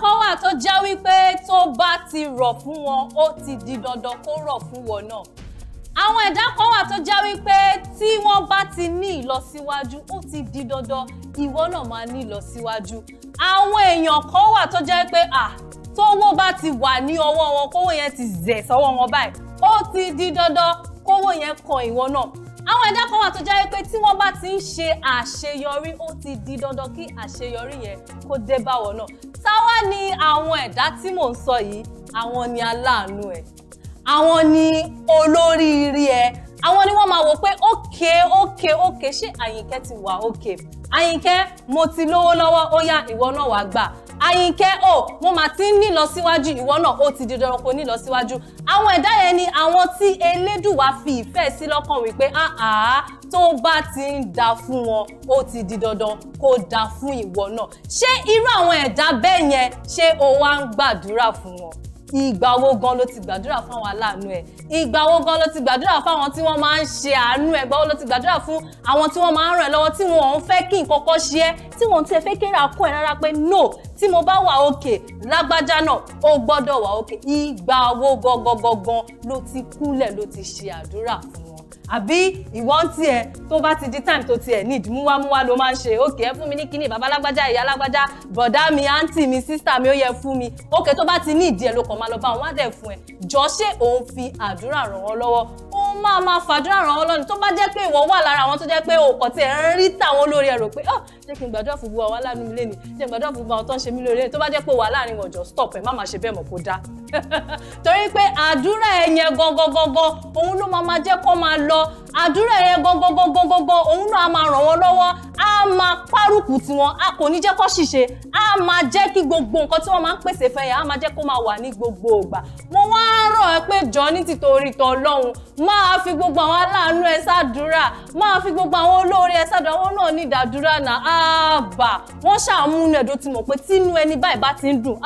kan wà tó já wípé tó bá ti rọ̀ fún wọn ó ti di dandan kó rọ̀ fún wọn náà àwọn ẹ̀dá kan wà tó já wípé tí wọ́n bá ti ní ìlọsíwájú ó ti di dandan ìwọ náà máa ní ìlọsíwájú àwọn èèyàn kan wà tó jẹ́ pé à tówó bá ti wà ní ọwọ́ wọn kówó yẹn ti zẹ̀ sọ́wọ́ wọn báyìí ó ti di dandan kówó yẹn kan ìwọ náà àwọn ẹ̀dá kan wà tó jẹ́ pé tí wọ́n bá ti ń ṣe àṣeyọrí ó ti di dandan kí àṣeyọrí yẹn kó dé báwọ̀ náà táwa ni àwọn ẹ̀dá tí mò ń sọ yìí àwọn ni aláàánú ẹ̀ àwọn ni olóríire ẹ̀ àwọn ni wọ́n máa wò pé ókè ókè ókè ṣé àyìnkẹ́ ti wà ókè àyìnkẹ́ mo ti lówó lọ́wọ́ ó yá ìwọ náà wàá gbà àyìnkẹ́ o mo mà ti ń nílọsíwájú ìwọ náà ó ti di dandan kó nílọsíwájú àwọn ẹ̀dá yẹn ni àwọn tí elédùwà fi ìfẹ́ sí lọ́kàn wípé àá tó bá ti ń da fún wọn ó ti di dandan kó da fún ìwọ náà ṣé irú àwọn ẹ̀dá bẹ́ẹ̀ yẹn ṣé o wá ń gbàdúrà fún wọn ìgbà wo gan ló ti gbàdúrà fáwọn aláàánú ẹ ìgbà wo gan ló ti gbàdúrà fáwọn tí wọ́n máa ń ṣe àánú ẹ gbà wo ló ti gbàdúrà fún àwọn tí wọ́n máa ń ràn ẹ́ lọ́wọ́ tí wọn ò ń kí nǹkan kan ṣe ẹ́ tí wọn ò tiẹ̀ fẹ́ kí ra kó ẹ rárá pé no tí mo bá wà òkè lágbájá náà ó gbọ́dọ̀ wà òkè ìgbà wo gangan gangan ló ti kúnlẹ̀ ló ti ṣe àdúrà fún àbí ìwọ ń tiẹ̀ tó bá ti di time tó tiẹ̀ need múwámúwá ló máa ń ṣe òkè ẹ fún mi ní kíní bàbá lágbájá ìyá lágbájá bọ̀dá mi àǹtí mi sísà mi ó yẹ fún mi òkè tó bá ti ní ìdí ẹ ló kàn máa lọ bá wọn wá dẹ̀ fún ẹ jọ ṣé òun fi àdúrà ràn ọ́ lọ́wọ́ òun máa máa fàdúrà ràn ọ́ lọ́ni tó bá jẹ́ pé ìwọ wà lára àwọn tó jẹ́ pé òkò tí ẹ ń rí táwọn olórí ẹ rò pé ṣé oh, kí n gbàdúrà fún gbogbo stop ẹ má máa ṣe bẹ́ẹ̀ mọ̀ kó dá torí pé àdúrà ẹ yẹn gangan gangan òun ló máa lọ àdúrà yẹn gbọngbọngbọngbọngbọn òun náà a máa ràn wọ́n lọ́wọ́ a máa párùkù tiwọn a kò ní jẹ́ kó ṣìṣe a máa jẹ́ kí gbogbo nǹkan tí wọ́n máa ń pèsè fẹ́ yẹn a máa jẹ́ kó máa wà ní gbogbo ìgbà mo wá rọ̀ ẹ́ pé jọ ní tìtorí tọ lọ́hùn máa fi gbogbo àwọn aláàánú ẹ sádùúrà máa fi gbogbo àwọn olóore ẹ sádùúrà wọn náà ní ìdádúrà náà àbà wọ́n ṣàmúnú ẹ̀dọ́ ti mọ̀ pé tínú ẹni báyìí bá ti ń dùn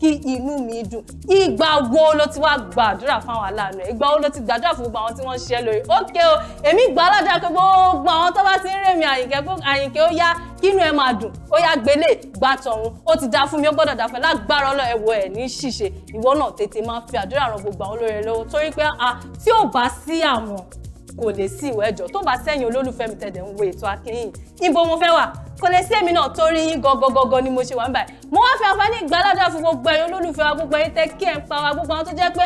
kí inú mi dùn ìgbà wo ló ti wá gbàdúrà fáwọn aláàánú ẹ ìgbà wo ló ti gbàdúrà fún gbogbo àwọn tí wọ́n ń ṣiṣẹ́ lórí ókè o èmi gbà aládàá pé gbogbo àwọn tó bá ti ń rèmi àyìnkẹ́ àyìnkẹ́ ó yá kínú ẹ máa dùn ó yá gbélé gbà tọ̀hún ó ti dá fún mi ó gbọ́dọ̀ dá fún ẹ lágbára ọlọ́ ẹ̀wọ̀ ẹ̀ ní ṣìṣe ìwọ náà tètè máa fi àdúrà ran gbogbo àwọn olóore lọ́wọ́ torí pé tí ò bá sí àwọn kò lè sí ìwẹ́jọ tó bá sẹ́yìn olólùfẹ́ mi tẹ̀dẹ̀ ń wo ètò akínyìn níbo mo fẹ́ wà kò lè sí èmi náà torí yín gọgọgọgọ ni mo ṣe wà ń báyìí mo wá fi àǹfààní ìgbàládà fún gbogbo ẹ̀yin olólùfẹ́ wa gbogbo ẹ̀yin tẹ́ kí ẹ ń pa wa gbogbo àwọn tó jẹ́ pé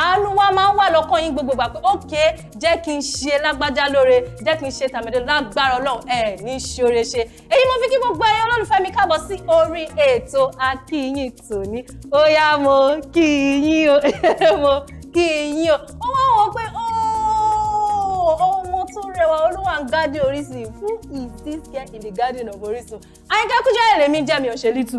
àánú wa máa ń wà lọ́kàn yín gbogbo gbà pé òkè jẹ́ kí n ṣe lágbájá lóore jẹ́ kí n ṣe tàmẹ̀dọ̀ lágbára Ọlọ́run ẹ̀ ní ṣoore ṣe èyí mo fi kí gbogbo ẹ̀yin olólùfẹ́ mi káàbọ̀ sí orí ètò akíyìn tòní ó yá mo kí yín o kí yín o ó wá wọ pé ó tó wa olúwa ń gádé Orísun who is this girl in the garden of Orísun Àyìnkẹ́ Kújẹ́rẹ́ lèmi jẹ́ mi ò ṣe lítù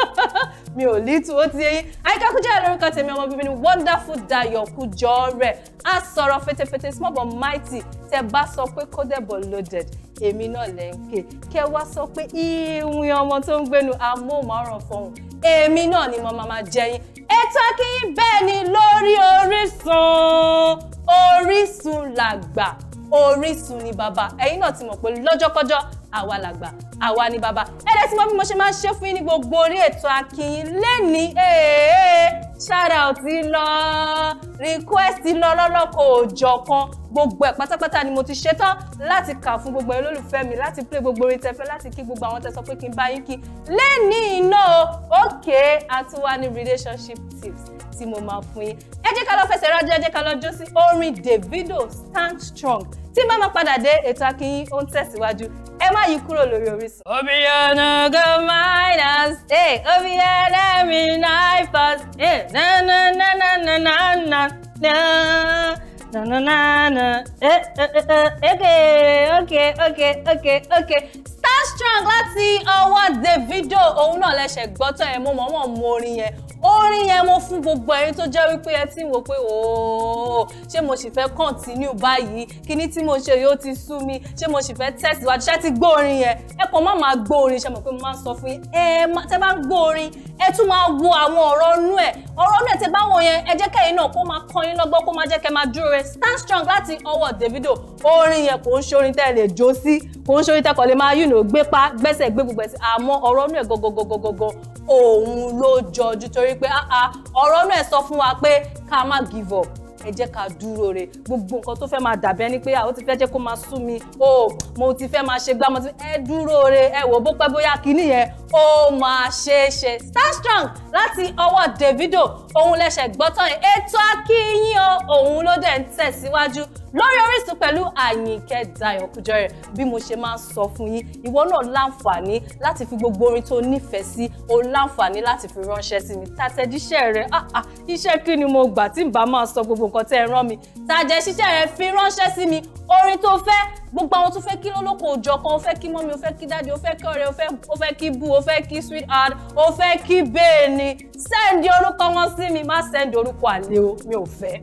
mi ò lítù ó ti eyín Àyìnkẹ́ Kújẹ́rẹ́ lórúkọ tèmi ọmọ bíbí ni wonderful Dayọ̀ Kújọ́rẹ́ á sọ̀rọ̀ fetefete small but mighty tẹ bá sọ pé kódẹ̀bọ̀ loaded èmi náà lẹ́ ń ké kẹ wá sọ pé ìwìn ọmọ tó ń gbénu amóhùnmáwòrán fọhùn èmi náà ni mo máa máa jẹyìn ètò Àkíìyín bẹ́ẹ̀ ni lórí Orísun Orísun làgbà Orísun ni bàbá ẹ̀yin náà ti mọ̀ pé lọ́jọ́kọ́jọ́ àwa làgbà àwa ni bàbá ẹ̀rẹ́ tí mo bí mo ṣe máa ń ṣe fún yín ní gbogbo orí ètò AkiiYin lẹ́nìí shout-out ti lọ request ti lọ lọ́lọ́kọ̀ òòjọ́ kan gbogbo ẹ̀ pátápátá ni mo ti ṣe tán láti kà fún gbogbo ẹ̀ olólùfẹ́ mi láti play gbogbo orin tẹfẹ́ láti kí gbogbo àwọn tẹ sọ pé kí n bá yín kí lẹ́nìí iná òkè àtúwá ní relationship tips tí mo máa fún yín ẹ jẹ́ ká lọ fẹsẹ̀ rájọ ẹ jẹ́ ká lọ jó sí orin Davido stand strong tí bá máa padà dé ètò akínyìn ó ń tẹ̀síwájú ẹ má yí kúrò lórí Orísun. obìyànà go minus eh obìyànà mi nine first eh na na na na na na na na na na na na eh eh eh okay okay okay okay okay strong láti ọwọ́ Davido òun náà lẹ́sẹ̀ gbọ́tọ̀ yẹn mo mọ̀ mọ̀ mọ orin yẹn orin yẹn mo fún gbogbo ẹ̀yin tó jẹ́ wípé ẹ ti ń wò pé ooo ṣé mo sì fẹ́ kọ́ntínú báyìí kíní tí mo ṣe yóò ti sú mi ṣé mo sì fẹ́ tẹ̀síwájú ṣé ti gbọ́ orin yẹn ẹ kàn má máa gbọ́ orin ṣe mọ̀ pé mo máa sọ fún yín ẹ tẹ́ bá ń gbọ́ orin ẹ tún máa wo àwọn ọ̀rọ̀ inú ẹ̀ ọ̀rọ̀ inú ẹ̀ tẹ báwọn yẹn ẹ jẹ́ kẹ́yìn náà kó máa kọ́ yín lọ́gbọ́n kó máa jẹ́ kẹ́ máa dúró rẹ stand strong láti ọwọ́ Davido orin yẹn kò ń ṣorin tẹ́ ẹ lè jó sí kò ń ṣorin tẹ́ kọ́ lè máa you know gbé pa gbẹ́sẹ̀ gbé gbogbo ẹ̀sìn àmọ́ ọ̀rọ̀ inú ẹ̀ gọ́gọ́gọ́gọ́gọ́ òun ló jọjú torí pé ọ̀rọ̀ inú ẹ̀ sọ fún wa pé ká má give up ẹ jẹ́ ká dúró re gbogbo nǹkan tó fẹ́ máa dàbẹ́ ni pé àwọn ti fẹ́ jẹ́ kó máa sú mi o oh, mo ti fẹ́ máa ṣe gbá mo ti fẹ́ ẹ dúró re ẹ wò bó pẹ́ bóyá kinní yẹn ó máa ṣeé ṣe starstrong láti ọwọ́ Davido òun lẹ́sẹ̀ gbọ́tàn yìí ètò akíyín o òun ló dẹ̀ ń tẹ̀síwájú lórí Orísun pẹ̀lú Àyìnkẹ́ Dayọ̀ Kújọrẹ̀ bí mo ṣe máa ń sọ fún yín ìwọ náà láǹfààní láti fi gbogbo orin tó nífẹ̀ẹ́ sí o láǹfààní láti fi ránṣẹ́ sí mi tàtẹ̀jíṣẹ́ rẹ ah ah iṣẹ́ kí ni mo gbà tí n bá máa sọ gbogbo nǹkan tẹ́ ẹ rán mi tàjẹ̀ṣiṣẹ́ rẹ fi ránṣẹ́ sí mi orin tó fẹ́ gbogbo àwọn tó fẹ́ kí lólókò òjọ kan ó fẹ́ kí mọ́mi ó fẹ́ kí dáàdi ó fẹ́ kí ọ̀rẹ́ ó fẹ́ kí bú ó fẹ́ kí sweetheart ó fẹ́ kí bẹ́ẹ̀ni sẹ́ndì orúkọ wọn sí mi má sẹ́ndì orúkọ àlè o mi ò fẹ́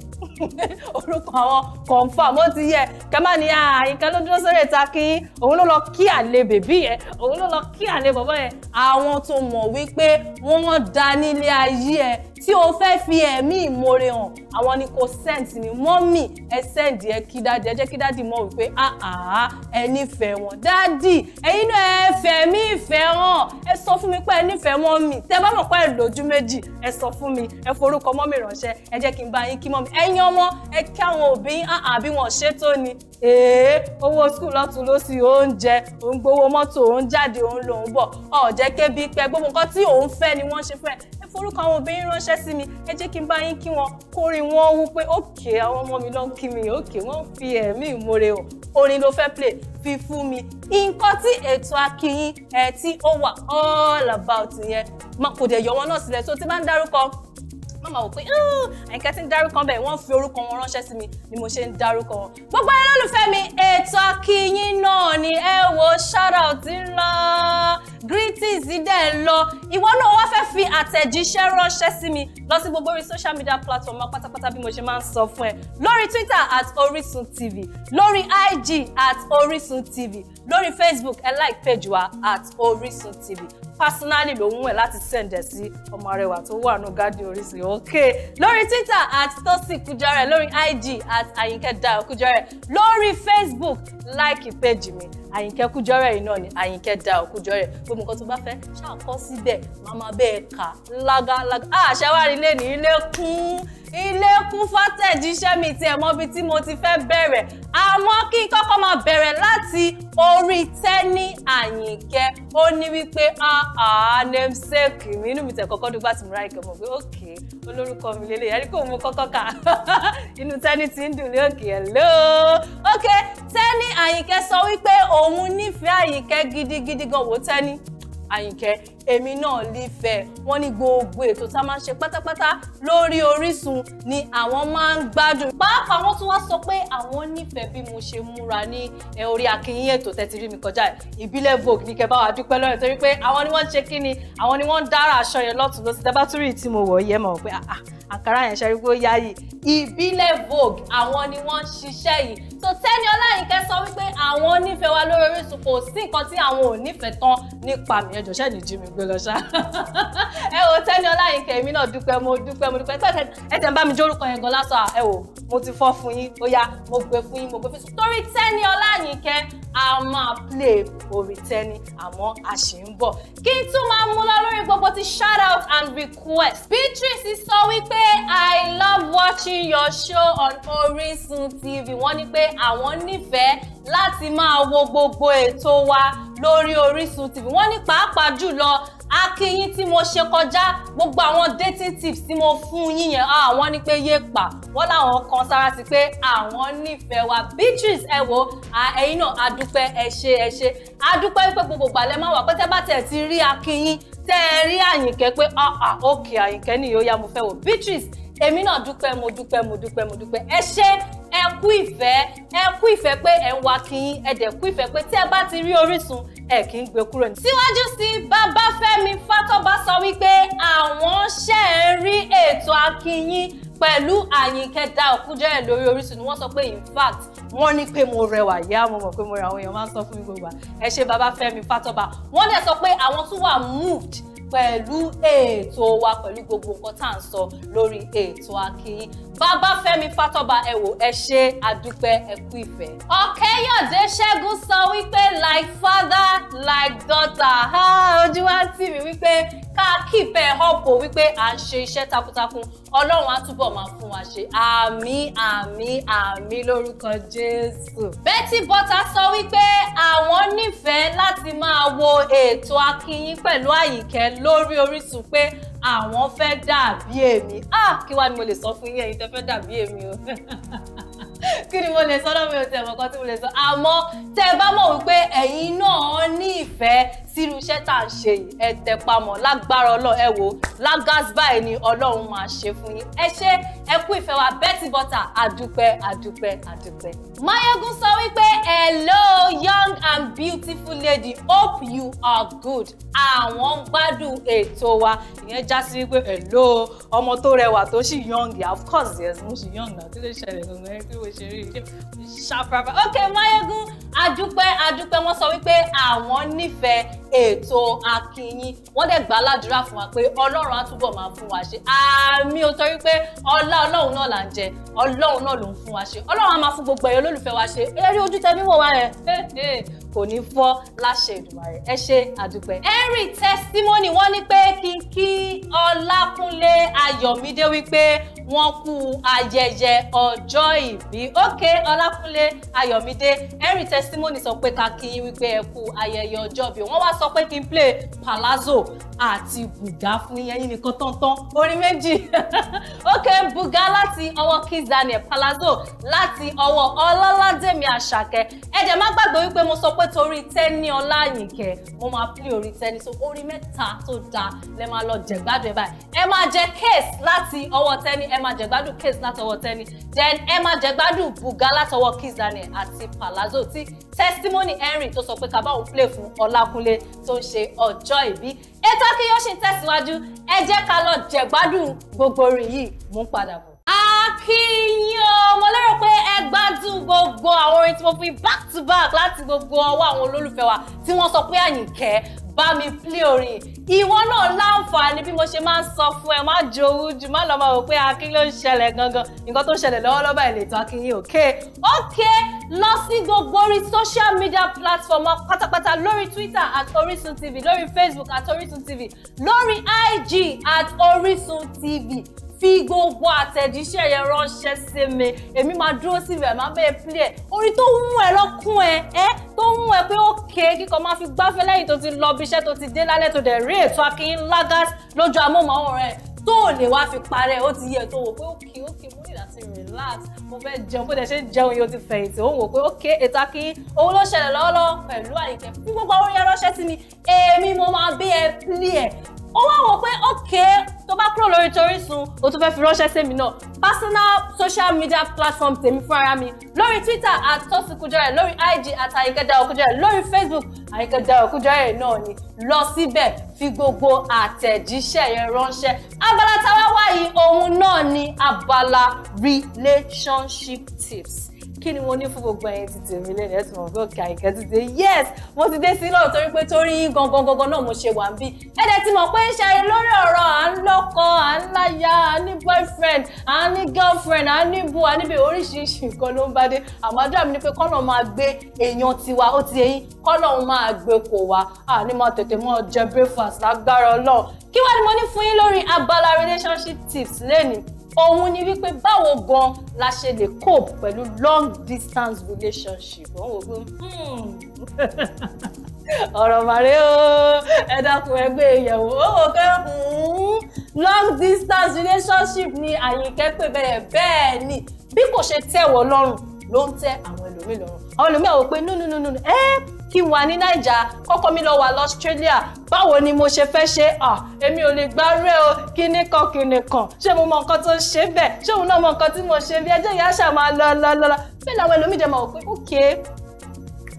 orúkọ àwọn confam ó ti yẹ kẹ́mà ní àyíká ah, ló dúró sórí ìta kí òun ló lọ kí àlè bèbí yẹn òun ló lọ kí àlè bàbá yẹn àwọn tó mọ̀ wípé wọ́n dá nílé ayé ẹ tí o fẹ́ fi ẹ̀mí ìmoore hàn àwọn ni kò send ni mọ́mì ẹ send ẹ kí dáàdì ẹ jẹ́ kí dáàdì mọ̀ wípé àhàhà ẹ nífẹ̀ẹ́ wọn dáàdì ẹ̀yin náà ẹ fẹ̀mí ìfẹ́ hàn ẹ sọ fún mi pé ẹ nífẹ̀ẹ́ mọ́mì tẹ bá mọ̀ pé ẹ lójú méjì ẹ sọ fún mi ẹ forúkọ mọ́mì ránṣẹ́ ẹ jẹ́ kí n bá yín kí mọ́mì ẹ̀yin ọmọ ẹ kí àwọn òbí àhà bí wọ́n ṣe tó ni èé owó skul lọ́tún ló sì oúnjẹ òun gbowó mọ́tò òun jáde òun lòun bọ̀ ọ̀ jẹ́ kébi pẹ́ gbogbo nǹkan tí òun fẹ́ ni wọ́n ṣe fẹ́ forúkọ àwọn obìnrin ránṣẹ́ sí mi ẹ jẹ́ kí n bá yín kí wọn kórìn wọn wú pé òkè àwọn ọmọ mi ló ń kí mi òkè wọ́n ń fi ẹ̀mí ìmoore hàn orin ló fẹ́ play fi fún mi nǹkan tí ètò akínyìn ẹ̀ tí ó wà all about yẹn kò dẹ̀ yọ wọn náà sílẹ̀ tó ti máa ń dárúkọ màmá wò pé àyíká tí ń dárúkọ bẹ́ẹ̀ wọ́n fi orúkọ wọn ránṣẹ́ sí mi ni mo ṣe ń dárúkọ wọn. gbogbo ẹlọ́lùfẹ́ mi ètò akínyìn náà ni ẹ wo shout out ńlá greetings dẹ̀ ń lọ ìwọ náà wá fẹ́ fi àtẹ̀jíṣẹ́ ránṣẹ́ sí mi lọ sí gbogbo orí social media platform wa pátápátá bí mo ṣe máa ń sọ fún ẹ lórí Twitter at Orisun TV lórí IG at Orisun TV lórí Facebook ẹ like page wa at Orisun TV personally ló ń wẹ̀ láti send ẹ̀ sí ọmọ arẹwà tó wà nù gádìí Orísun ok lórí Twitter at Tosin kujare. lórí IG at Ayinke kujare. Kujore lórí Facebook like page mi àyìnkẹ́ kújọ́rẹ́ yìí náà ni àyìnkẹ́ da òkújọ́rẹ́ gbogbo nǹkan tó bá fẹ́ ṣàkọ́ síbẹ̀ màmá bẹ́ẹ̀ kà lágalága àṣẹ ah, wá rí lẹ́nu ilé kún ilé kún fátẹ̀jíṣẹ́ mi tiẹ̀ mọ́ ibi tí mo ti fẹ́ bẹ̀rẹ̀ àmọ́ kí n kọ́kọ́ máa bẹ̀rẹ̀ láti orí tẹ́ni àyìnkẹ́ ó ní wípé àá namesake mi inú mi tẹ̀ kọ́kọ́ dùgbà tí mo ra ìkẹ́ mọ̀ pé òkè olórúkọ mi lélẹ̀ yẹn kò mú kọ́kọ́ kà inú tẹ́ni ti ń dùn ní òkè ẹ̀ lóò ókè tẹ́ni àyìnkẹ́ sọ wípé òun nífẹ̀ẹ́ àyìnkẹ́ gidigidi gan wò tẹ́ni àyìnkẹ́ èmi náà nífẹ̀ẹ́ wọ́n ní gbogbo ètò tá a máa ṣe pátápátá lórí Orísun ni àwọn máa ń gbádùn pàápàá wọ́n tún wá sọ pé àwọn nífẹ̀ẹ́ bí mo ṣe múra ní orí akínyìn ètò tẹ́tí rí mi kọjá ìbílẹ̀ vogue ní kẹbá wa dúpẹ́ lọ́rẹ̀ torí pé àwọn ni wọ́n ṣe kí ni àwọn ni wọ́n ń dára aṣọ yẹn lọ́tún lọ́sí tẹ́ bá tún tí mo wọ̀ yẹ mọ̀ pé ah, ah, àkàrà yẹn ṣe rí yáyì ìbílẹ̀ vogue àwọn ni wọ́n ṣiṣẹ́ yìí tó Tẹ́ni Ọláyínká sọ wípé àwọn onífẹ̀ẹ́ wa lórí Orísun kò sí nǹkan tí àwọn ò nífẹ̀ẹ́ tán nípa mi ẹjọ́ ṣẹ́ni jí mi gbé lọ ṣá ẹ wo Tẹ́ni Ọláyínká èmi náà dúpẹ́ mo dúpẹ́ mo dúpẹ́ pẹ́ẹ́ ẹ tẹ̀ ń bá mi jórúkọ yẹn gan lásán ẹ wò mo ti fọ́ fún yín ó yá mo gbé fún yín mo gbé fún yín torí Tẹ́ni Ọláyínká a máa play orí Tẹ́ni àmọ́ a ṣì ń bọ̀ kí n tún máa mú lọ lórí gbogbo ti shout out and request Beatrice sọ wípé I love watching your show on Orisun TV wọ́n ní pé àwọn nífẹ̀ẹ́ láti máa wo gbogbo ètò wa lórí Orísun TV wọ́n ní pàápàá jùlọ akínyín tí mo ṣe kọjá gbogbo àwọn dating tips tí mo fún yín yẹn àwọn ah, ní pé yé pa wọ́n láwọn kan sára sí pé àwọn nífẹ̀ẹ́ wa Beatrice ẹ wo ah, ẹ̀yin náà adúpẹ́ ẹ ṣé ẹ ṣé adúpẹ́ pé gbogbo gbàlẹ́ máa wà pẹ́tẹ́ bá tẹ̀ ti rí akínyín tẹ́ ẹ rí àyìnkẹ́ pé ókè ah, àyìnkẹ́ nìyó mo fẹ́ wò Beatrice èmi náà dúpẹ́ mo dúpẹ́ mo dúpẹ́ mo dúpẹ́ ẹ ṣé ẹ kú ìfẹ́ ẹ kú ìfẹ́ pé ẹ ń wá kíyín ẹ dẹ̀ kú ìfẹ́ pé tí ẹ bá ti rí Orísun ẹ kì í gbé kúrò ní. síwájú sí Babafẹ́mi Fátóbá sọ wípé àwọn ṣe ń rí ètò akíyín pẹ̀lú Àyìnkẹ́ dá lórí Orísun ni wọ́n sọ pé in fact wọ́n ní pé mo rẹwà yá mo mọ̀ pé mo rẹwà àwọn èèyàn máa ń sọ fún mi gbogbo ẹ ṣé Babafẹ́mi Fátóbá wọ́n dẹ̀ sọ pé àwọn tún wà moved pẹ̀lú ètò wa pẹ̀lú gbogbo nǹkan tá à ń sọ lórí ètò AkiiYin Babafẹ́mi Fátọ́ba ẹ wò ẹ ṣe àdúpẹ́ ẹ ìfẹ́. Ọ̀kẹ́yọ̀dé Ṣẹ́gun sọ wípé like father like daughter ha ojú wa tì mí wípé ká kíìpẹ́ ọ̀pọ̀ wípé à ń ṣe iṣẹ́ takuntakun Ọlọ́run á túbọ̀ máa fún wa ṣe àmín àmín àmín lórúkọ Jésù. Betty Bọ́tà sọ wípé àwọn nífẹ̀ẹ́ láti máa wo ètò Akíyìn pẹ̀lú Àyìnkẹ́ lórí Orísun pé àwọn fẹ́ dàbí èmi ah kí wá ni mo lè sọ fún yín ẹ̀yin tẹ́ fẹ́ dàbí èmi o kí ni mo lè sọ lọ́wọ́ mi ò tẹ̀ mọ́kàn tí mo lè sọ àmọ́ tẹ́ ẹ bá mọ̀ wípé ẹ̀yin náà ní ìfẹ́ sírú iṣẹ́ tá à ń ṣe yìí ẹ tẹpá mọ́ lágbára ọlọ́run ẹ wò lágás báyìí ni ọlọ́run máa ṣe fún yín ẹ ṣe ẹ kú ìfẹ́ wa bẹ́tì bọ́tà àdúpẹ́ àdúpẹ́ àdúpẹ́. mayegun sọ wípé hello young and beautiful lady hope you are good àwọn ń gbádùn ètò wa ìyẹn já sí wípé hello ọmọ tó rẹwà tó ṣì young yà of course yes mo ṣì young náà kí ló ṣẹlẹ̀ gangan ẹ kí ló ṣe rí ṣe ṣàpàpà ok mayegun àdúpẹ́ àdúpẹ́ wọ́n sọ wípé àwọn nífẹ̀ẹ́ ètò akínyìn wọ́n dẹ̀ gbà ládùúrà fún wa pé ọlọ́run á túbọ̀ máa fún wa ṣe àmì ò torí pé ọlá ọlọ́run náà là ń jẹ ọlọ́run náà ló ń fún wa ṣe ọlọ́run á máa fún gbogbo ẹ̀yọ́ olólùfẹ́ wa ṣe eré ojú tẹ̀mí wò wá rẹ̀ kò ní fọ́ láṣẹ Èdùmàrè ẹ ṣe àdúpẹ́. henry testimony wọ́n ní pé kí n kí ọlákúnlé ayọ̀mídé wípé wọ́n kú ayẹyẹ ọjọ́ ìbí ókè ọlákúnlé ayọ̀mídé henry testimony sọ pé ká kí n wípé ẹ kú ayẹyẹ ọjọ́ ìbí wọ́n wá sọ pé kí n play palazzo àti bùgá fún yín ẹ̀yin nìkan tọ́ntọ́n orin méjì ok bùgá láti ọwọ́ Kiss Daniel Palazzo láti ọwọ́ Ọlọ́ládèmí Àṣàkẹ́ ẹ̀jẹ̀ má gbàgbé wípé mo sọ pé torí tẹ́ni Ọláyìnkẹ́ mo máa pín orí tẹ́ni so orí mẹ́ta tó da lẹ́ máa lọ jẹ̀gbádùn ẹ̀ báyìí ẹ máa jẹ case láti ọwọ́ tẹ́ni ẹ máa jẹ̀gbádùn case láti ọwọ́ tẹ́ni then ẹ máa jẹ̀gbádùn bùgá láti ọwọ́ Kiss Daniel àti Palazzo tí testimony Henry tó sọ pé ká bá òun play fún Ọlákúnlé tó ń ṣe ọjọ́ ìbí ètò Akiiyanṣin tẹ̀síwájú ẹ jẹ́ ká lọ jẹ̀gbádùn gbogbo orin yìí mò ń padà bọ̀. Akiiyan mo lérò pé ẹ gbádùn gbogbo àwọn orin tí mo fi back to back láti gbogbo ọwọ́ àwọn olólùfẹ́ wa tí wọ́n sọ pé àyìnkẹ́ bá mi play orin ìwọ náà láǹfààní bí mo ṣe máa ń sọ fún ẹ má jowú jù má lọ máa wò pé akin ló ń ṣẹlẹ̀ gangan nǹkan tó ń ṣẹlẹ̀ lọ́wọ́lọ́wọ́ báyìí lè tó akin yìí òkè òkè lọ sí gbogbo orí social media platform pátápátá lórí twitter at orisun tv lórí facebook at orisun tv lórí ig at orisun tv fi gbogbo àtẹ̀jíṣẹ́ yẹn ránṣẹ́ sí mi èmi máa dúró síbẹ̀ máa bẹ́ẹ̀ play ẹ̀ orin tó mú ẹ lọ́kùn ẹ ẹ tó mú ẹ pé òkè kíkọ máa fi gbáfẹ́ lẹ́yìn tó ti lọ ibiṣẹ́ tó ti dé lálẹ́ tó dẹ̀ rí ètò Akin Lagas lójú amóhùnmáwòrán ẹ̀ tó lè wá fi parẹ́ ó ti yẹ tó wò pé òkè òkè mo ní láti relax mo fẹ́ jẹun bó dẹ̀ ṣe ń jẹun yóò ti fẹ̀yìntì ó wò pé òkè ètò Akin òun ló ṣẹlẹ̀ lọ́wọ́lọ́wọ́ pẹ̀lú Àyìnkẹ́ fún gbogbo orin ẹ ránṣẹ́ sí mi èmi mo máa bí ẹ pílì ẹ̀ ó tó bá kúrò lórí torísun o tún fẹ́ fi ránṣẹ́ mi náà personal social media platform tèmi fúnra mi lórí twitter at tosikujore lórí ig at ayikeda okujore lórí facebook ayikeda okujore náà ni lọ síbẹ̀ fi gbogbo àtẹ̀jíṣẹ́ yẹn ránṣẹ́ abala táwa wáyé òun náà ni abala relationship tips kí ni mo ní fún gbogbo ẹ̀yin títí mi lẹ́nu ẹ̀sìn mọ̀ gbọ́ kí àyíká ti yes mo ti dé sí náà torí pé torí gangan gangan náà mo ṣe wà ń bí ẹ̀dẹ̀ ti mo pé ń ṣe lórí ọ̀rọ̀ à ń lọ́kọ à ń láya à ní boyfriend à ní girlfriend à ní boo à níbi oríṣiríṣi nǹkan ló ń bá dé àmọ́ àdúrà mi ni pé kọ́nà máa gbé èèyàn tiwa ó ti eyín kọ́nà máa gbé kò wá à ní máa tètè mọ́ jẹ breakfast lágbára ọlọ́run kí wá ni mo ní fún yín lórí abala relationship tips lẹ́nìí òun ni wípé báwo gan la ṣe lè cope pẹ̀lú long distance relationship wọ́n wò pé hmm. ọ̀rọ̀ màrí o ẹ dákun ẹgbẹ́ ìyẹ̀wò ó wò pé hmm. long distance relationship ni àyìnkẹ́ pè bẹ́ẹ̀ bẹ́ẹ̀ ni bí kò ṣe tẹ̀wọ̀ lọ́rùn ló ń tẹ́ àwọn ẹlòmíì lọ́rùn àwọn ẹlòmíì àwọn pé nùnùnùnù ẹ kí n wà ní naija kọ́kọ́ mi lọ wà l'Australia báwo ni mo ṣe fẹ́ ṣe à èmi ò lè gbárẹ́ o kíní kan kíní kan ṣé mo mọ nǹkan tó ń ṣe bẹ́ẹ̀ ṣé òun náà mọ nǹkan tí mo ṣe bí ẹjẹ́ ìyá ṣà máa lọ lọ lọ bẹ́ẹ̀ làwọn ẹlòmíì dẹ̀ máa wò pé okay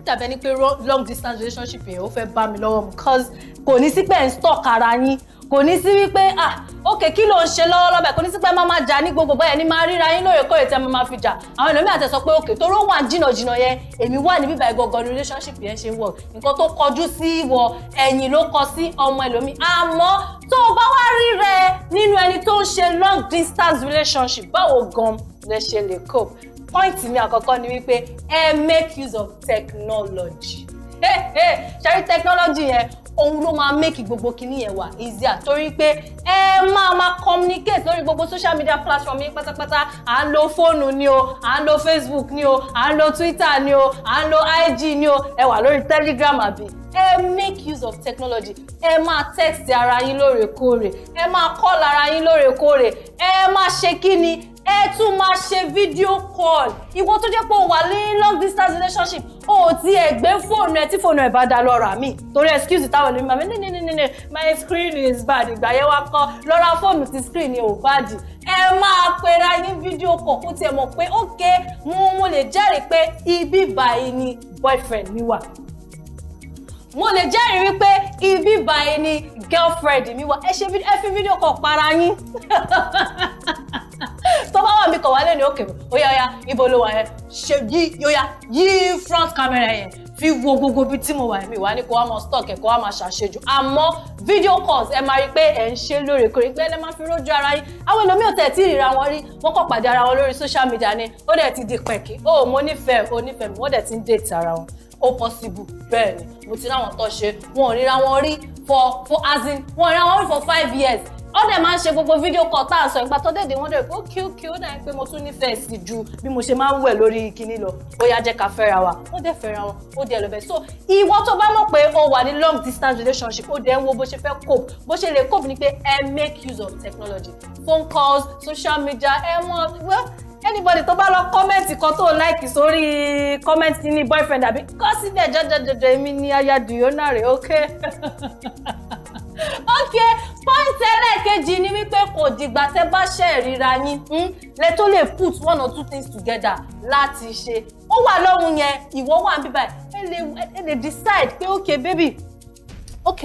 dàbẹ́ ni pé long distance relationship yẹn ó fẹ́ bá mi lọ́wọ́ because kò ní sí pé ẹ̀ ń stock ara yín kò ní sí wípé ah ok kí ló ń ṣe lọ́wọ́lọ́wọ́ bẹ́ẹ̀ kò ní sí pé ẹ máa máa jà ní gbogbo báyẹn ní máa ríra yín lóòrèkóòrè tí ẹ máa máa fi jà àwọn ẹlòmíì àti ẹ sọ pé ok toró wà jìnnàjìnnà yẹn èmi wà níbí báyìí gangan ní relationship yẹn ṣe ń wọ nǹkan tó kọjú sí ìwọ ẹ̀yìn ló kọ sí ọmọ ẹlòmíì àmọ́ tó o bá wá rí rẹ nínú ẹni tó ń ṣe long distance relationship báwo gan lẹ ṣe lè cope point mi àkọ́kọ́ ni wípé ẹ make use of technology hey. rí technology yẹn òun ló máa make gbogbo kinní yẹn wà easier torí pé ẹ máa máa communicate lórí gbogbo social media platform yín pátápátá à ń lo fóònù ni o à ń lo facebook ni o à ń lo twitter ni o à ń lo ig ni o ẹ wà lórí telegram àbí ẹ eh, make use of technology ẹ eh, máa text ara yín lóòrèkóòrè ẹ eh, máa call ara yín lóòrèkóòrè ẹ máa ṣe kí ni ẹ tún máa ṣe video call ìwọ tó jẹ́ pé òun wà ní long distance relationship o ò ti ẹ̀ gbé fóònù ẹ tí fóònù ẹ bá da lọ rà mí torí excuse táwọn ẹlòmíì máa ní ní ní ní my screen is bad ìgbà yẹn wá kọ́ lọ́ra fóònù ti screen yẹn ò bàdì ẹ máa pera yín video call kó tiẹ̀ mọ̀ pé ok mo mo lè jẹ́rìí pé ibi báyìí ni boyfriend mi wà mo lè jẹ́rìí wípé ibi báyìí ni girlfriend mi wà ẹ ṣe ẹ fi video call para yín. tó bá wà mí kọ̀ wálé ní òkè óyá óyá ibo ló wà yẹn ṣe yí yóyá yí front camera yẹn fi wo gbogbo ibi tí mo wà mí wà ní kó wá máa stock ẹ̀ kó wá máa ṣàṣejù àmọ́ video calls ẹ máa rí pé ẹ̀ ń ṣe lóòrèkóòrè pé ẹ máa fi rójú ara yín àwọn èlòmíì ò tẹ̀ tí ìríra wọn rí wọ́n kàn pàdé ara wọn lórí social media ni ó dẹ̀ ti di pẹ̀kí ó mo nífẹ̀ẹ́ o nífẹ̀ẹ́ mi wọ́n dẹ̀ ti ń date ara wọn ó possible bẹ́ẹ̀ ni mo ti ráwọn tó ṣe wọn ò ríra wọn rí for for as in wọn ò ríra wọn rí for five years ó dẹ̀ máa ń ṣe gbogbo fídíò kan tá a sọ ìgbà tó dẹ̀dẹ̀ wọ́n dẹ̀ pé ó kí ó kí ó dẹ̀ pé mo tún nífẹ̀ẹ́ sí ju bí mo ṣe máa ń wẹ̀ lórí kinní lọ ó yá jẹ́ ká fẹ́ra wa ó dẹ̀ fẹ́ra wọn ó dẹ̀ lọ́bẹ̀ so ìwọ tó bá mọ̀ pé o wà ní long distance relationship ó dẹ̀ ń wo bó ṣe fẹ́ cope bó ṣe lè cope ni pé ẹ make use of technology phone calls social media ẹ wọ́n anybody tó bá lọ kọ́mẹ̀ntì kan tó láìkì sórí kọ́mẹ̀ntì ní boyfriend àbí kọ́ sílẹ̀ jọjọjọjọ èmi ni ayadùn yóò náà rè é ok. ok point ẹlẹ́ẹ̀kejì ni wípé kò dìgbà tẹ́ bá ṣe ìríra yín hmm, lẹ tó lè put one or two things together láti ṣe ó wà lọ́hùn yẹn ìwọ wà níbí báyìí ẹ lè decide pé ok baby ok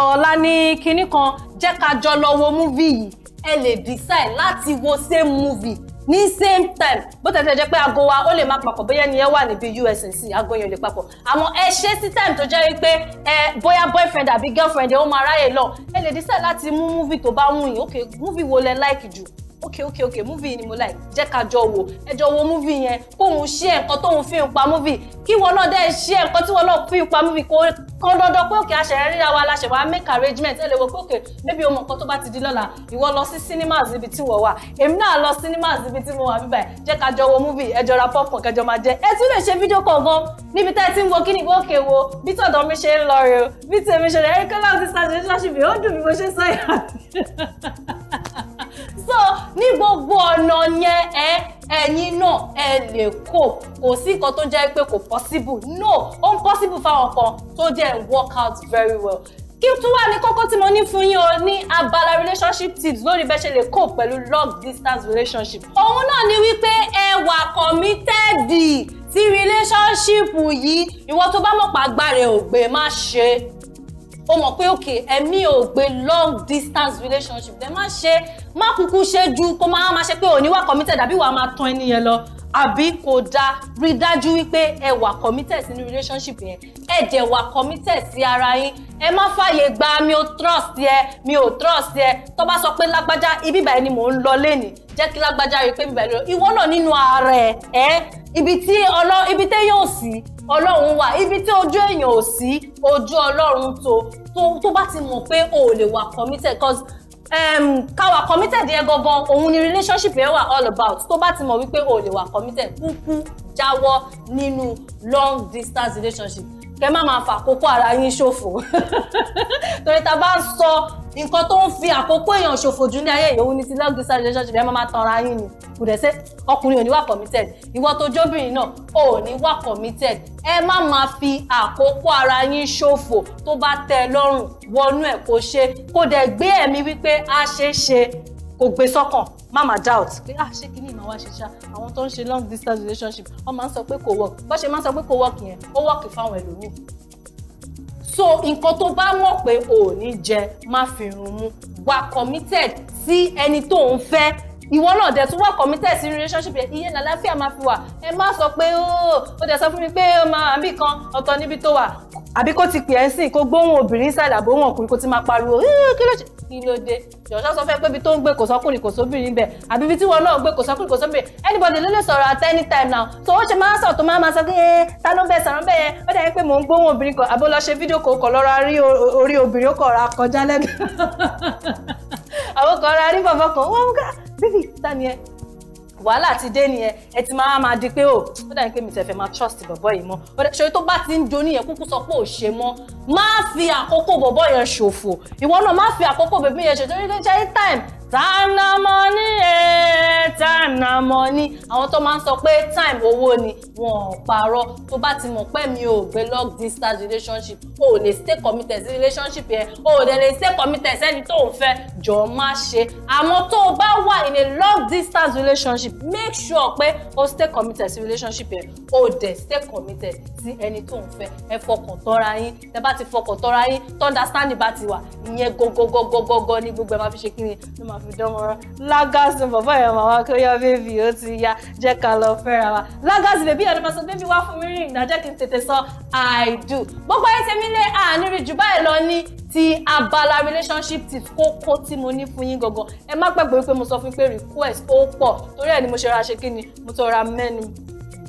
ọ̀la ni kinní kan jẹ́ ká jọ lọ wo múvì yìí ẹ lè decide láti wo same movie ní same time bó tẹ̀sẹ̀ jẹ́ pé aago wa ó lè má papọ̀ bóyá ẹni ẹ wà níbi us sí aago yẹn ò lè papọ̀ àmọ́ ẹ ṣe sí time tó jẹ́ wípé ẹ bóyá boyfriend àbí girlfriend ẹ ó máa ráyè lọ ẹ lè dísẹ̀ láti mú múvì tó bá wù yín ok múvì wo lẹ láìkì jù Okay, okay, okay. Movie, ni mo like jẹ́ ká jọ wò ẹ jọ wo movie. yẹn kóun ṣí ẹ̀ nǹkan tóun fi ń pa movie. kí wọn náà dẹ́ ṣí ẹ̀ nǹkan tí wọn náà fi ń pa múvì kó kán dandan pé òkè àṣẹ ríra wa la ṣe wá make arrangement ẹ lè wo pé òkè maybe ọmọ nǹkan tó bá ti di lọ́la ìwọ lọ sí cinemas ibi tí wọ́n wà èmi náà lọ cinemas ibi tí mo wà bíbà ẹ̀ jẹ́ ká jọ wo movie. ẹ jọ ra popcorn kẹjọ máa jẹ ẹ tún lè ṣe fídíò kọ̀ọ̀kan níbi tẹ́ ẹ ti ń wo kí ni ìwé òkè wo bí tọ̀dọ̀ mi ṣe ń lọ rè o bí tèmi ṣe rẹ̀ ẹ̀rí kọ́lá ti ṣàṣeyọ́ṣàṣì mi ó dùn bí mo ṣe sọ ìhà so ní gbogbo ọ̀nà yẹn ẹ ẹ̀yin náà ẹ lè kó kò sí nǹkan tó jẹ́ pé kò possible no ó ń possible fáwọn kan tó jẹ́ work out very well kí n tún wà ní kókó tí mo ní fún yín o ní abala relationship tips lórí bẹ́ẹ̀ ṣe lè cope pẹ̀lú long distance relationship. òun náà ni wípé ẹ wà committed sí relationship yìí ìwọ tó bá mọ̀ pa agbára ò gbé má ṣe o mọ̀ pé òkè ẹ̀mí ò long distance relationship ẹ má ṣe má kúkú ṣe ju kó máa máa ṣe pé òní wà committed àbí wàá máa tan ẹni yẹn lọ àbí kò dáa rí dájú wípé ẹ wà committed sínú relationship yẹn ẹ jẹ́ wà committed sí ara yín ẹ má fààyè gba mi ò trust yẹ mi ò trust yẹ tó bá sọ pé lágbájá ibi báyìí ni mò ń lọ lẹ́nìí jẹ́ kí lágbájá rí pé ibi báyìí ni ìwọ náà nínú ara ẹ̀ ẹ́ ibi tí ọlọ ibi téèyàn ò sí ọlọ́run wà ibi tí ojú èèyàn ò sí ojú ọlọ́run tó tó bá ti mọ̀ pé o ò lè wà committed cause um, ká committed yẹn gangan òun ni relationship yẹn wà all about tó bá ti mọ̀ wípé o lè wà committed kúkú jáwọ́ nínú long distance relationship kẹ má máa fà kókó ara yín ṣòfò torí ta bá ń sọ nǹkan tó ń fi àkókò èèyàn ṣòfò jù ní ayé ìyòwú ní ti long distance relationship ẹ máa máa tanra yín ni kò dẹ̀ ṣe ọkùnrin ò ní wà committed ìwọ tó jóbìnrin náà ò ní wà committed ẹ má máa fi àkókò ara yín ṣòfò tó bá tẹ́ ẹ lọ́rùn wọnú ẹ̀ kó ṣe kó dẹ̀ gbé ẹ̀mí wípé a ṣe é ṣe kò gbé sọ́kàn má má doubt pé ah ṣé kíní ìmọ̀ wá ṣe ṣá àwọn tó ń ṣe long distance relationship wọ́n máa ń sọ pé kò work bó ṣe máa ń sọ pé kò work yẹn ó work fáwọn ẹlòmíì so nǹkan tó bá mọ̀ pé ò ní jẹ má fi run mu wà committed sí ẹni tó ń fẹ́ ìwọ náà dẹ̀ tún wà committed sí relationship yẹn iye làlàáfíà máa fi wà ẹ má sọ pé ó ó dẹ̀ sọ fún mi pé ó máa àbí kan ọ̀tọ̀ níbi tó wà àbí kó ti pè é sí kó gbóhùn obìnrin ṣàlàbò wọn ọkùnrin kó ti máa pariwo kí ló ṣe kí ló dé ṣọ̀ṣọ́ sọ fẹ́ pé ibi tó ń gbé kò sọ́kùnrin kò sóbìnrin bẹ̀ àbí ibi tí wọn náà gbé kò sọ́kùnrin kò sóbìnrin anybody ló lè sọ̀rọ̀ at any time now so ó ṣe máa ń sọ̀rọ̀ tó máa máa sọ pé ẹ eh, ta ló bẹ sọ̀rọ̀ bẹ́ẹ̀ ó dàbí pé mò ń gbóhùn obìnrin kan àbó lọ ṣe fídíò kò kọ̀ lọ́ra rí orí obìnrin ó kọ̀ ra kọjá lẹ́nu àwọn kan ra rí bàbá kan wọ́n ń ká bíbí ta ẹ wàhálà ti dé nìyẹn ẹ ti máa máa di pé o oh, ó dàbí pé mi tẹ̀fẹ̀ máa trust bọ̀bọ̀ yìí mọ́ ṣòro tó bá ti ń jo nìyẹn kúkú sọ pé ò ṣe mọ́ má fi àkókò bọ̀bọ̀ yẹn ṣòfò ìwọ náà má fi àkókò bèbí yẹn ṣòfò torí pé ṣe time tana money eh, ẹ tana money àwọn tó máa ń sọ pé time owó ni wọn ò parọ́ tó bá ti mọ̀ pé mi ò gbé long distance relationship o ò lè stay committed sí relationship yẹn o ò lè stay committed sẹ́ni tó ń fẹ́ jọ má ṣe àmọ́ tó o bá wà in a long distance relationship make sure pé o stay committed sí relationship yẹn o ò dẹ̀ stay committed sí ẹni tó ń fẹ́ ẹ fọkàn tọ́ra yín tẹ bá ti fọkàn tọ́ra yín tó understanding bá ti wà ìyẹn gogogogogogo ni gbogbo ẹ máa fi ṣe kí ni ló máa fi dánmọ́rán lágàsùn bàbá ìyá màmá kí ó yá bébì ó ti yá jẹ́ ká lọ fẹ́ra wa lágàsùn bèbí ọ̀dọ́ máa sọ bébì wá fún mi rìn ìdájọ́ kí n tètè sọ i do gbogbo ayé tèmi lé àánú rí jù báyìí lọ ní ti abala relationship tips kókó tí mo ní fún yín gangan ẹ má gbàgbé wípé mo sọ fún pé request ó pọ̀ torí ẹ̀ ni mo ṣe ra ṣe kí ni mo tọra mẹ́nu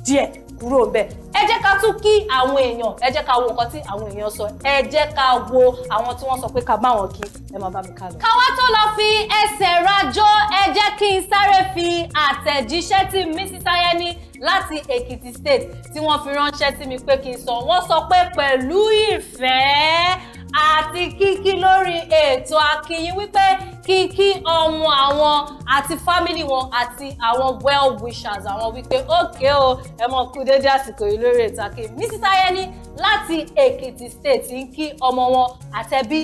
díẹ̀ kúrò ń bẹ̀ ẹ jẹ́ ká tún kí àwọn èèyàn ẹ jẹ́ ká wo nǹkan tí àwọn èèyàn sọ ẹ jẹ́ ká wo àwọn tí wọ́n sọ pé ká bá wọn kí ẹ máa bá mi ká lọ. káwá tó lọ fi ẹsẹ̀ rajó ẹ jẹ́ kí n sáré fi àtẹ̀jíṣẹ́ tí Mrs Ayeni láti Èkìtì state tí wọ́n fi ránṣẹ́ sí mi pé kí n sọ wọ́n sọ pé pẹ̀lú ìfẹ́ àti kíkí lórí ètò akínyìn wípé kíkí ọmọ àwọn àti fámìlì wọn àti àwọn well wishers àwọn wípé ókè o ẹ mọ kú dédé àsìkò yìí lórí ètò akínyìn Mrs. Ayeni láti Èkìtì state ń kí ọmọ wọn àtẹbí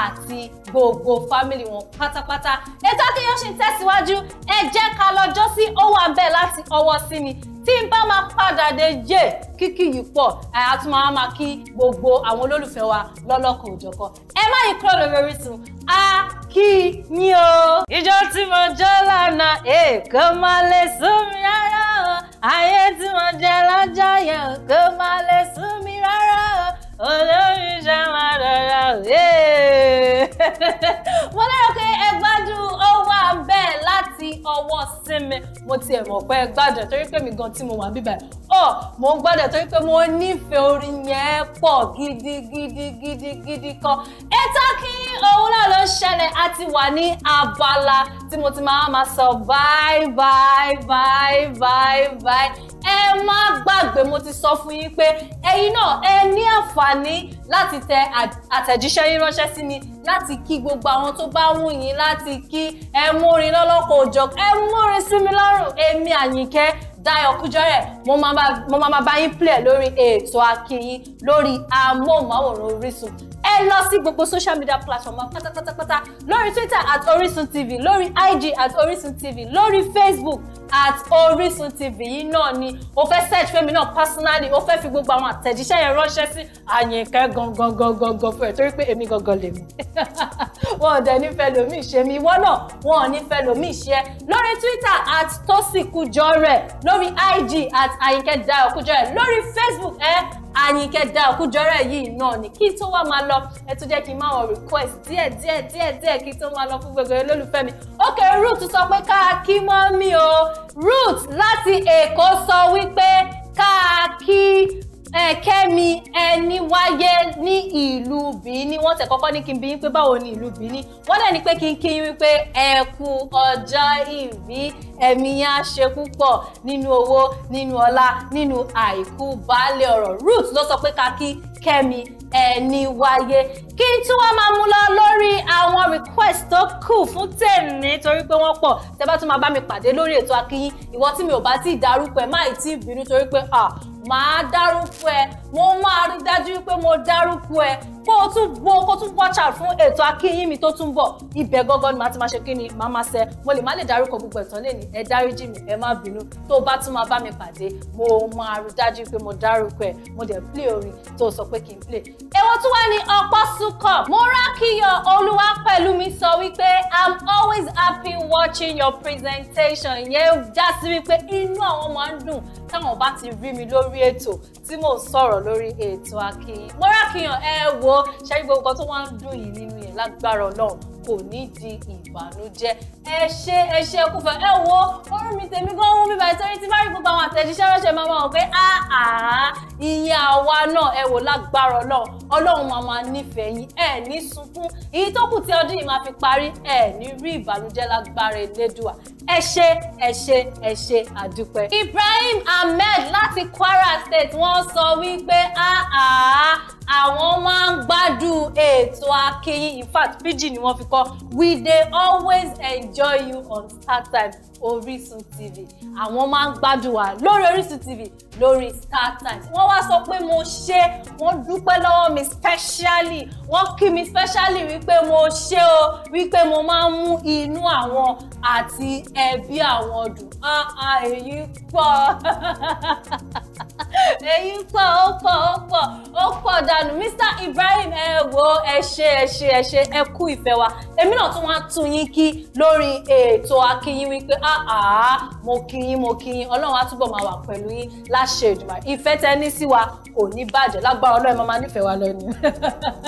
àti gbogbo fámìlì wọn pátápátá ètò Akíyanjú ṣì ń tẹ̀síwájú ẹ jẹ́ ká lọ́jọ́ sí ó wà bẹ́ẹ̀ láti ọwọ́ sí mi tí n bá máa padà dé yé kíkì yìí pọ̀ a tún máa máa kí gbogbo àwọn olólùfẹ́ wa lọ́lọ́kan òjọ̀kan ẹ má yí kúrò lórí Orísun a kí ni o. ìjọ tí mo jọ lánàá èkó máa lè sún mi rárá o ayé tí mo jẹ lọ́jọ́ yẹn kó máa lè sún mi rárá o olórin ṣàmà rọra òye. mo lérò pé ẹ gbádùn ó wà bẹ́ẹ̀ láti ọwọ́ sinmi mo tiẹ̀ mọ̀ pé ẹ gbádùn torí pé mi gan tí mo wà bíbẹ̀ ọ mo ń gbádùn torí pé mo nífẹ̀ẹ́ orin yẹn pọ̀ gidigidigidi kan ètò kí òun náà ló ṣẹlẹ̀ a ti wà ní abala tí mo ti máa ma sọ bye bye bye bye bye ẹ má gbàgbé mo ti sọ fún yín pé ẹ̀yin náà ẹ ní àǹfààní láti tẹ àtẹ̀jíṣẹ́ yín ránṣẹ́ sí mi láti kí gbogbo àwọn tó bá wù yín láti kí ẹ múrin lọ́lọ́kọ̀ ẹ múrin sí mi lọ́rùn èmi Àyìnkẹ́ Dayọ̀ Kújọ́rẹ̀ mo máa bá yín play lórí ètò Àkíìyín lórí amóhùnmáwòrán Orísun ẹ lọ sí gbogbo social media platform pátápátápátá lórí Twitter at Orisun TV lórí IG at Orisun TV lórí Facebook at Orisun TV yìí náà ni o fẹ́ search fẹ́mi náà personally o fẹ́ fi gbogbo àwọn àtẹ̀jíṣẹ́ yẹn ránṣẹ́ sí àyìnkẹ́ gangan gangan gangan fún ẹ̀ torí pé èmi gangan lèmi wọn ò dẹ̀ nífẹ̀ẹ́ lòmíì ṣe mi ìwọ náà wọn ò nífẹ̀ẹ́ lòmíì ṣe lórí Twitter at Tosi Kujore lórí IG at Àyìnkẹ́ Dayo Kujore lórí Facebook ẹ eh? àyìnkẹ́ dá òkújọ́rẹ́ yìí náà ni kí tó wá máa lọ ẹ tún jẹ́ kí n máa wọn request díẹ̀ díẹ̀ díẹ̀ díẹ̀ kí tó máa lọ fún gbogbo olólùfẹ́ mi ókè root sọ pé ká kí mọ́ mi o root láti èkó sọ wípé ká kí Kẹ́mi ẹni wáyé ní ìlú Bìíní wọ́n tẹ̀ kọ́kọ́ ní kí n bí pé báwo ni ìlú Bìíní wọ́n dẹ̀ ní pé kí n kí yín wípé ẹ ọjọ́ ìbí ẹ̀mí yẹn á ṣe púpọ̀ nínú owó nínú ọlá nínú àìkú baálé ọ̀rọ̀ Ruth ló sọ pé ká kí Kẹ́mi ẹni wáyé kí n tún wá máa mú lọ lórí àwọn request tó kù fún tèmi torí pé wọ́n pọ̀ tẹ́ bá tún máa bá mi pàdé lórí ètò akínyìn ìwọ tí mi ò bá tí ì dárúkọ má ì tí ì bínú torí pé màá dárúkọ mo máa rí dájú pé mo dárúkọ ẹ kó o tún bo kó o tún watch out fún ètò akínyìn mi tó tún bọ̀ ibẹ̀ gangan ni màá ti máa ṣe kí ni màá máa ṣe mo lè má lè dárúkọ gbogbo ẹ̀tàn lẹ́ni ẹ dáríjì mi ẹ má bínú tó bá tún máa bá mi pàdé mo máa rí dájú pé mo dárúkọ ẹ mo dẹ̀ play orin tó sọ pé kí n play. èwo tún wá ní ọ̀pọ̀ sukọ̀ Mọ́rákìyọ̀ Olúwapẹ̀lúmi sọ wípé i'm always happy watching your presentation yẹn já sí wípé inú àwọn máa ń dùn táwọn bá ti rí mi lórí ètò tí mò ń lórí ètò Àkíìyín Mọ́rákìyọ̀ ẹ wo ṣẹ́yìn gbogbo tó wá ń dùn yìí nínú yẹn lágbára Ọlọ́run kò ní di ìbànújẹ́ ẹ ṣe ẹ ṣe kúfẹ ẹ wo orí mi tèmi gan wú mi báyìí torí tí bá rí gbogbo àwọn àtẹ̀jíṣẹ́ ránṣẹ́ máa wà wọ́n pé àá ìyẹn àwa náà ẹ wò lágbára náà ọlọ́run máa máa nífẹ̀ẹ́ yín ẹ ní sunkún èyí tó kù tí ọdún yìí máa fi parí ẹ ní rí ìbànújẹ́ lágbára elédùà ẹ ṣe ẹ ṣe ẹ ṣe àdúpẹ́. Ibrahim Ahmed láti Kwara State wọ́n sọ wípé àá àwọn máa ń gbádùn ètò Akíìyín in fact pidgin ni wọ́n fi kọ before we dey always enjoy you on startime orísun tv àwọn máa ń gbádùn wa lórí orísun tv lórí startime wọ́n wá sọ pé mo ṣe wọ́n dúpẹ́ lọ́wọ́ mi specially wọ́n kí mi specially wípé mo ṣe o wípé mo máa ń mú inú àwọn àti ẹbí àwọn dùn ah, ah, èyí pọ̀. èyí pọ̀ ó pọ̀ ó pọ̀ ó pọ̀ dànù Mr Ibrahim ẹ wo ẹ ṣe ẹ ṣe ẹ ṣe ẹ kú ìfẹ́ wa èmi náà tún wáá tún yín kí lórí ètò akínyín wípé àá mo kí yín mo kí yín ọlọ́run á túbọ̀ máa wà pẹ̀lú yín láṣẹ ìdùnnà ìfẹ́ tẹ ní sí wa kò ní bàjẹ́ lágbára ọlọ́run máa nífẹ̀ẹ́ wa lọ ni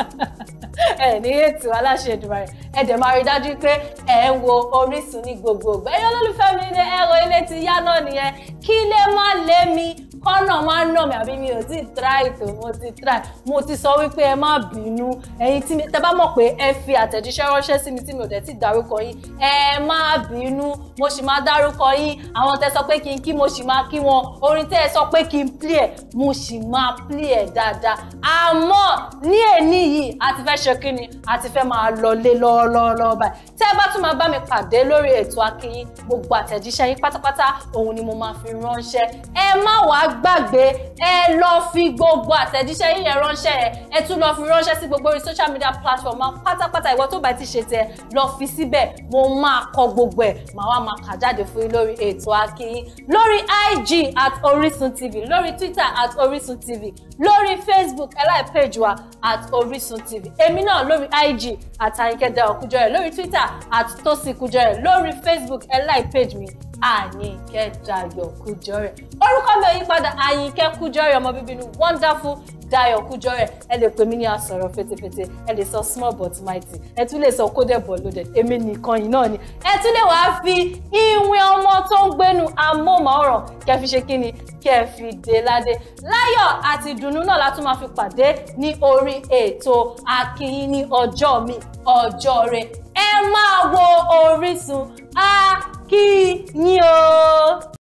ẹ ní ètò aláṣẹ ìdùnnà ẹ dẹ̀ máa rí dájú pé ẹ ń wo Orísun ní gbogbo ìgbà ẹ̀yin olólùfẹ́ mi ni, ẹ̀rọ ilé ti yá náà nìyẹn kí lè má lé mi ọ̀nà máa ń nà mí àbí mi ò tí try tó mo ti try mo ti sọ wípé ẹ má bínú ẹ̀yin tí mi tẹ bá mọ̀ pé ẹ fi àtẹ̀jíṣẹ́ ránṣẹ́ sí mi tí mi ò dẹ̀ ti dárúkọ yín ẹ má bínú mo sì máa dárúkọ yín àwọn tẹ sọ pé kí n kí mo sì máa kí wọn orin tẹ ẹ sọ pé kí n play ẹ mo sì máa play ẹ dáadáa àmọ́ ní èní yìí a ti fẹ́ ṣe kí ni a ti fẹ́ máa lọ lé lọ́ọ́lọ́ọ́lọ́ báyìí tẹ́ ẹ bá tún máa bá mi pàdé lórí ètò AkiiYin gbogbo àtẹ̀jíṣẹ́ yín pátápátá òun ni mo máa fi ránṣẹ́ ẹ má wàá gbàgbé ẹ lọ fi gbogbo àtẹ̀jíṣẹ́ yín yẹn ránṣẹ́ ẹ ẹ tún lọ fi ránṣẹ́ sí gbogbo orí social media platform pátápátá ìwọ tó bá ti ṣe tẹ lọ fi síbẹ̀ mo máa kọ gbogbo ẹ̀ màá wá máa kà jáde fún yín lórí ètò AkiiYin lórí IG at Orisun TV lórí Twitter at Orisun TV lórí Facebook ẹ láì page wa at Orisun TV èmi náà lórí IG at Ayinke Dayo Kujore lórí Twitter at Tosin Kujore lórí Facebook ẹ láì page mi Àyìnkẹ́ Dayọ̀ Kújọrẹ̀ orúkọ mi ò yí padà Àyìnkẹ́ Kújọrẹ̀ ọmọ bíbí inú wonderful Dayọ̀ Kújọrẹ̀ ẹ lè pè mí ní asọ̀rọ̀ fetefete ẹ lè sọ small but mighty ẹ tún lè sọ kódẹ̀ bọ̀ lódẹ̀ èmi nìkan yìí náà ni ẹ tún lè wàá fi ìwé ọmọ tó ń gbénu amóhùnmáwòrán kẹ́ fi ṣe kí ni kẹ́ fi dé ládé láyọ̀ àti ìdùnnú náà látún máa fi pàdé ní orí ètò AkiiYin ọjọ́ mi ọjọ́ rẹ ẹ máa wo Orísun kí yín o.